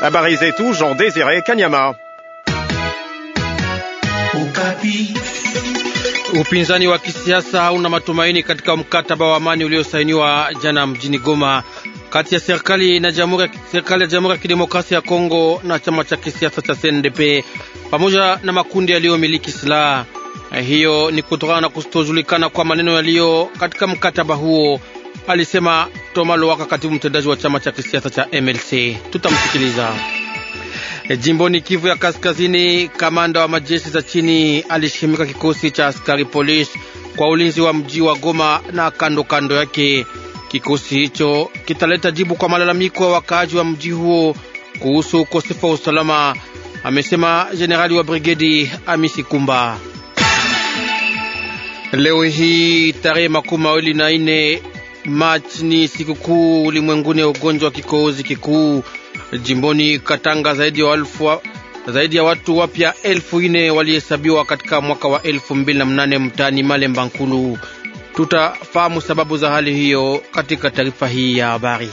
Habari zetu Jean Désiré Kanyama. Okapi. Upinzani wa kisiasa hauna matumaini katika mkataba wa amani uliosainiwa jana mjini Goma kati ya serikali na jamhuri serikali ya Jamhuri ya Kidemokrasia ya Kongo na chama cha kisiasa cha CNDP pamoja na makundi yaliyomiliki silaha. Eh, hiyo ni kutokana na kutojulikana kwa maneno yaliyo katika mkataba huo alisema Toma Lowaka, katibu mtendaji wa chama cha kisiasa cha MLC. Tutamsikiliza. E, jimboni Kivu ya Kaskazini, kamanda wa majeshi za chini alishimika kikosi cha askari polisi kwa ulinzi wa mji wa Goma na kando kando yake. Kikosi hicho kitaleta jibu kwa malalamiko ya wakaaji wa mji huo kuhusu ukosefu wa usalama, amesema jenerali wa brigedi Amisi Kumba. Leo hii tarehe makumi mawili na nne Machi ni sikukuu ulimwenguni ya ugonjwa wa kikohozi kikuu. Jimboni Katanga, zaidi ya wa zaidi ya watu wapya elfu ine walihesabiwa katika mwaka wa elfu mbili na mnane mtaani Malemba Nkulu. Tutafahamu sababu za hali hiyo katika taarifa hii ya habari.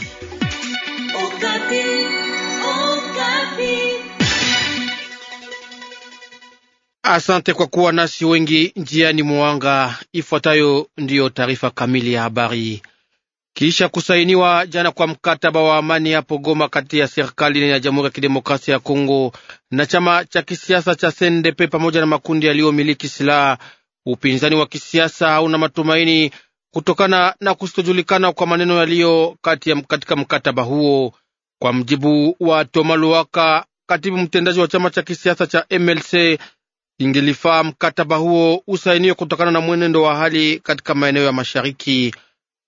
Asante kwa kuwa nasi wengi njiani mwanga. Ifuatayo ndiyo taarifa kamili ya habari kisha kusainiwa jana kwa mkataba wa amani hapo Goma kati ya serikali ya Jamhuri ya Kidemokrasia ya Kongo na chama cha kisiasa cha CNDP pamoja na makundi yaliyomiliki silaha. Upinzani wa kisiasa hauna matumaini kutokana na kusitojulikana kwa maneno yaliyo katika mkataba huo. Kwa mjibu wa Tomaluwaka, katibu mtendaji wa chama cha kisiasa cha MLC, ingelifaa mkataba huo usainiwe kutokana na mwenendo wa hali katika maeneo ya mashariki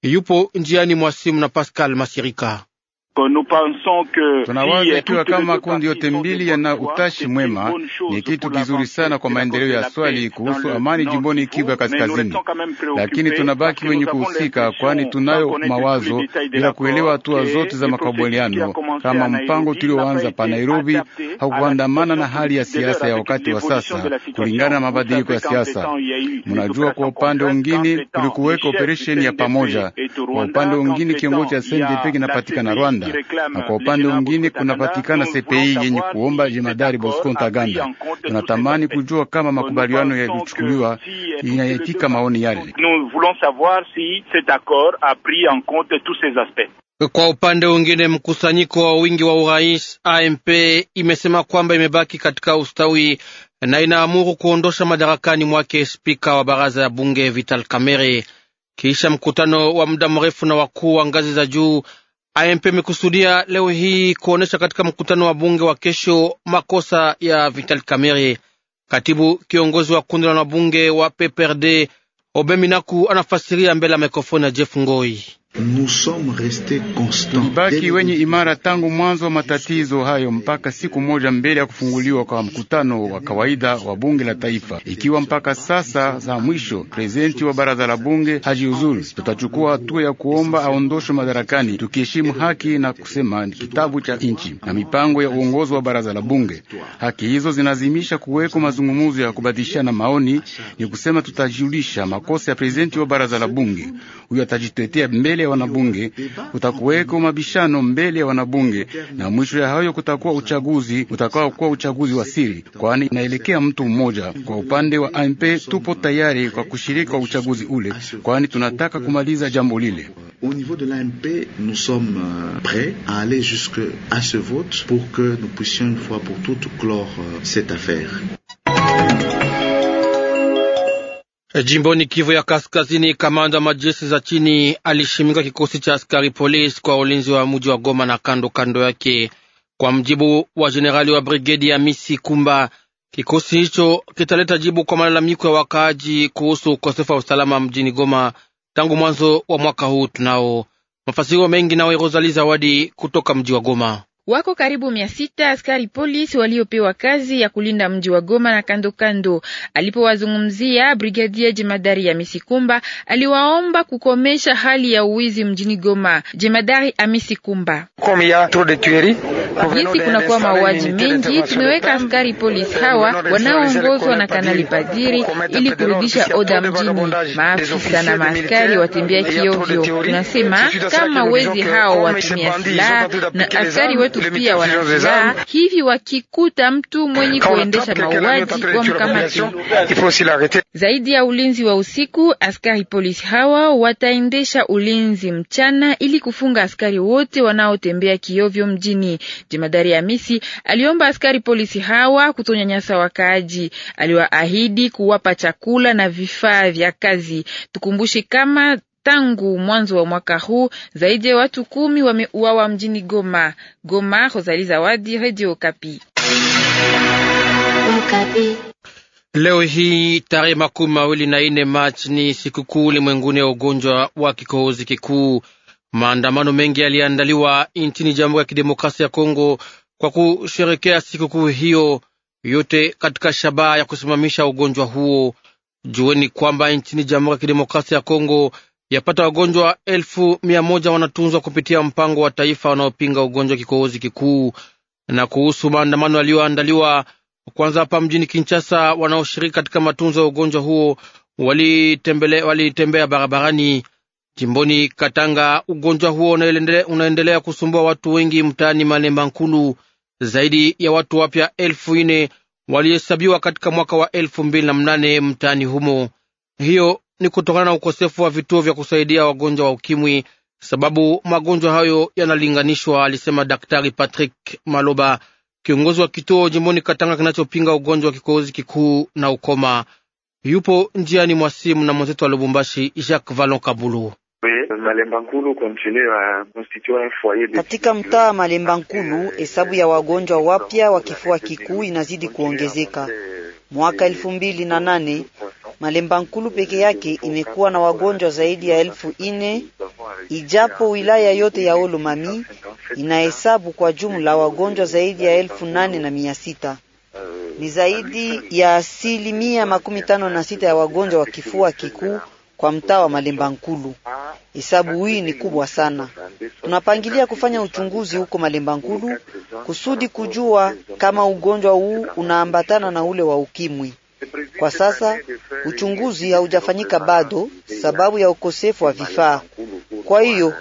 yupo njiani mwa simu na Pascal Masirika. Tunawaza kiwa kama makundi yote mbili yana utashi mwema, ni kitu kizuri sana kwa maendeleo ya swali kuhusu amani jimboni Kivu ya Kaskazini, lakini tunabaki wenye kuhusika, kwani tunayo mawazo bila kuelewa hatua zote za makubaliano, kama mpango tulioanza pa Nairobi haukuandamana na hali ya siasa ya wakati wa sasa kulingana na mabadiliko ya siasa. Mnajua, kwa upande mwingine kulikuweka operesheni ya pamoja, kwa upande mwingine kiongozi cha CNDP kinapatikana Rwanda. Ntaganda, na kwa upande mwingine kunapatikana CPI yenye kuomba jemadari Bosco Ntaganda. Tunatamani kujua kama makubaliano yalichukuliwa inayetika maoni yale. Kwa upande mwingine, mkusanyiko wa wingi wa urais AMP imesema kwamba imebaki katika ustawi na inaamuru kuondosha madarakani mwake spika wa baraza ya bunge Vital Kamerhe. Kisha mkutano wa muda mrefu na wakuu wa ngazi za juu IMP imekusudia leo hii kuonesha katika mkutano wa bunge wa kesho makosa ya Vital Kamerhe. Katibu kiongozi wa kundi la wanabunge wa PPRD Obeminaku anafasiria mbele ya mikrofoni ya Jeff Ngoi. Tulibaki wenye imara tangu mwanzo wa matatizo hayo mpaka siku moja mbele ya kufunguliwa kwa mkutano wa kawaida wa bunge la taifa, ikiwa mpaka sasa za mwisho prezidenti wa baraza la bunge hajiuzuru, tutachukua hatua ya kuomba aondoshwe madarakani, tukiheshimu haki na kusema kitabu cha nchi na mipango ya uongozi wa baraza la bunge. Haki hizo zinazimisha kuweko mazungumuzo ya kubadilishana maoni, ni kusema tutajulisha makosa ya prezidenti wa baraza la bunge, huyo atajitetea mbele mbele ya wanabunge, kutakuweko mabishano mbele ya wanabunge, na mwisho ya hayo kutakuwa uchaguzi utakaokuwa uchaguzi wa siri, kwani inaelekea mtu mmoja. Kwa upande wa AMP tupo tayari kwa kushiriki kwa uchaguzi ule, kwani tunataka kumaliza jambo lile. Au niveau de l'AMP, nous sommes euh, prêts à aller jusque à ce vote pour que nous puissions une fois pour toutes clore euh, cette affaire. Jimboni Kivu ya Kaskazini, kamanda wa majeshi za chini alishimika kikosi cha askari polisi kwa ulinzi wa mji wa Goma na kando kando yake. Kwa mjibu wa jenerali wa brigedi ya Misi Kumba, kikosi hicho kitaleta jibu kwa malalamiko ya wakaaji kuhusu ukosefu wa usalama mjini Goma tangu mwanzo wa mwaka huu. Tunao mafasirio mengi nawe Rosali Zawadi kutoka mji wa Goma. Wako karibu mia sita askari polisi waliopewa kazi ya kulinda mji wa Goma na kando kando. Alipowazungumzia, brigadia jemadari ya Kumba aliwaomba kukomesha hali ya uwizi mjini Goma. Jemadari Hamisi Kumba: de Jinsi kunakuwa mauaji mengi, tumeweka askari polisi hawa wanaoongozwa na Kanali Padiri ili kurudisha oda mjini. Maafisa na maaskari watembea kiovyo. Tunasema kama wezi hao watumia silaha na askari wetu pia wana silaha, hivi wakikuta mtu mwenye kuendesha mauaji wamkamati. Zaidi ya ulinzi wa usiku, askari polisi hawa wataendesha ulinzi mchana ili kufunga askari wote wanaotembea kiovyo mjini. Jemadari amisi aliomba askari polisi hawa kutonyanyasa wakaaji. Aliwaahidi kuwapa chakula na vifaa vya kazi. Tukumbushe kama tangu mwanzo wa mwaka huu zaidi ya watu kumi wameuawa mjini Goma. Goma, Rosali Zawadi, Radio Okapi. Leo hii tarehe makumi mawili na ine Machi ni sikukuu ulimwenguni ya ugonjwa wa kikohozi kikuu. Maandamano mengi yaliandaliwa nchini Jamhuri ya Kidemokrasia ya Kongo kwa kusherekea sikukuu hiyo, yote katika shabaha ya kusimamisha ugonjwa huo. Jueni kwamba nchini Jamhuri ya Kidemokrasia ya Kongo yapata wagonjwa elfu mia moja wanatunzwa kupitia mpango wa taifa wanaopinga ugonjwa kikohozi kikuu. Na kuhusu maandamano yaliyoandaliwa kwanza hapa mjini Kinshasa, wanaoshiriki katika matunzo ya ugonjwa huo walitembelea walitembea barabarani. Jimboni Katanga, ugonjwa huo unaendelea, unaendelea kusumbua watu wengi mtaani Malemba Nkulu. Zaidi ya watu wapya elfu ine walihesabiwa katika mwaka wa elfu mbili na mnane mtaani humo. Hiyo ni kutokana na ukosefu wa vituo vya kusaidia wagonjwa wa ukimwi, sababu magonjwa hayo yanalinganishwa, alisema Daktari Patrick Maloba, kiongozi wa kituo jimboni Katanga kinachopinga ugonjwa wa kikohozi kikuu na ukoma. Yupo njiani mwa simu na mwenzetu wa Lubumbashi, Jacques valon Kabulu. Katika mtaa Malemba Nkulu, hesabu ya wagonjwa wapya wa kifua kikuu inazidi kuongezeka. Mwaka elfu mbili na nane Malemba Nkulu peke yake imekuwa na wagonjwa zaidi ya elfu ine ijapo wilaya yote ya Olomami inahesabu kwa jumla wagonjwa zaidi ya elfu nane na mia sita ni zaidi ya asilimia makumi tano na sita ya wagonjwa wa kifua kikuu kwa mtaa wa Malemba Nkulu. Hesabu hii ni kubwa sana. Tunapangilia kufanya uchunguzi huko Malemba Nkulu kusudi kujua kama ugonjwa huu unaambatana na ule wa ukimwi. Kwa sasa uchunguzi haujafanyika bado sababu ya ukosefu wa vifaa. Kwa hiyo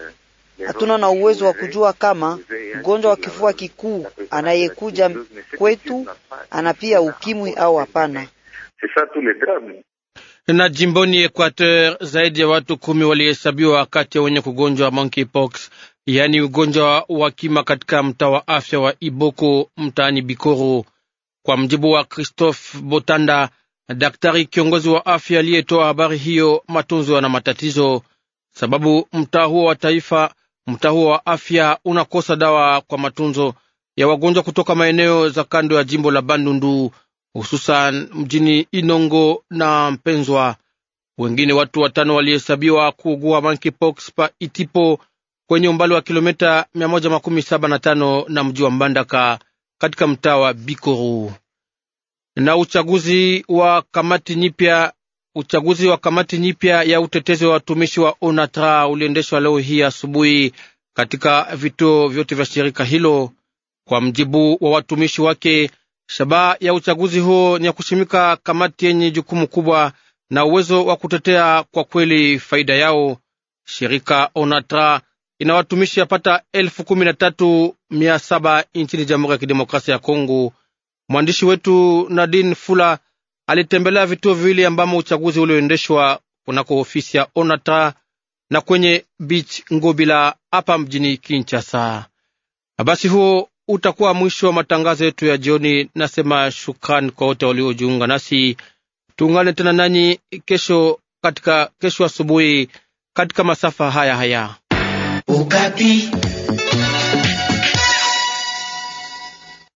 hatuna na uwezo wa kujua kama mgonjwa wa kifua kikuu anayekuja kwetu ana pia ukimwi au hapana. Na jimboni Equateur zaidi ya watu kumi walihesabiwa wakati ya wenye kugonjwa monkeypox, yaani ugonjwa wa kima katika mtaa wa afya wa Iboko mtaani Bikoro, kwa mjibu wa Christophe Botanda, daktari kiongozi wa afya aliyetoa habari hiyo. Matunzo na matatizo sababu mtaa huo wa taifa Mtaa huo wa afya unakosa dawa kwa matunzo ya wagonjwa kutoka maeneo za kando ya jimbo la Bandundu, hususan mjini Inongo na Mpenzwa. Wengine watu watano walihesabiwa kuugua monkeypox pa Itipo kwenye umbali wa kilomita 175 na mji wa Mbandaka katika mtaa wa Bikoru. Na uchaguzi wa kamati nyipya Uchaguzi wa kamati nyipya ya utetezi wa watumishi wa ONATRA uliendeshwa leo hii asubuhi katika vituo vyote vya shirika hilo. Kwa mjibu wa watumishi wake, shabaha ya uchaguzi huo ni ya kushimika kamati yenye jukumu kubwa na uwezo wa kutetea kwa kweli faida yao. Shirika ONATRA ina watumishi yapata elfu kumi na tatu mia saba nchini Jamhuri ya Kidemokrasia ya Kongo. Mwandishi wetu Nadine Fula alitembelea vituo viwili ambamo uchaguzi ulioendeshwa kunako ofisi ya Onata na kwenye Beach Ngobila hapa mjini Kinshasa. Basi huo utakuwa mwisho wa matangazo yetu ya jioni. Nasema shukrani kwa wote waliojiunga nasi. Tuungane tena nanyi kesho katika kesho asubuhi katika masafa haya haya Ukati.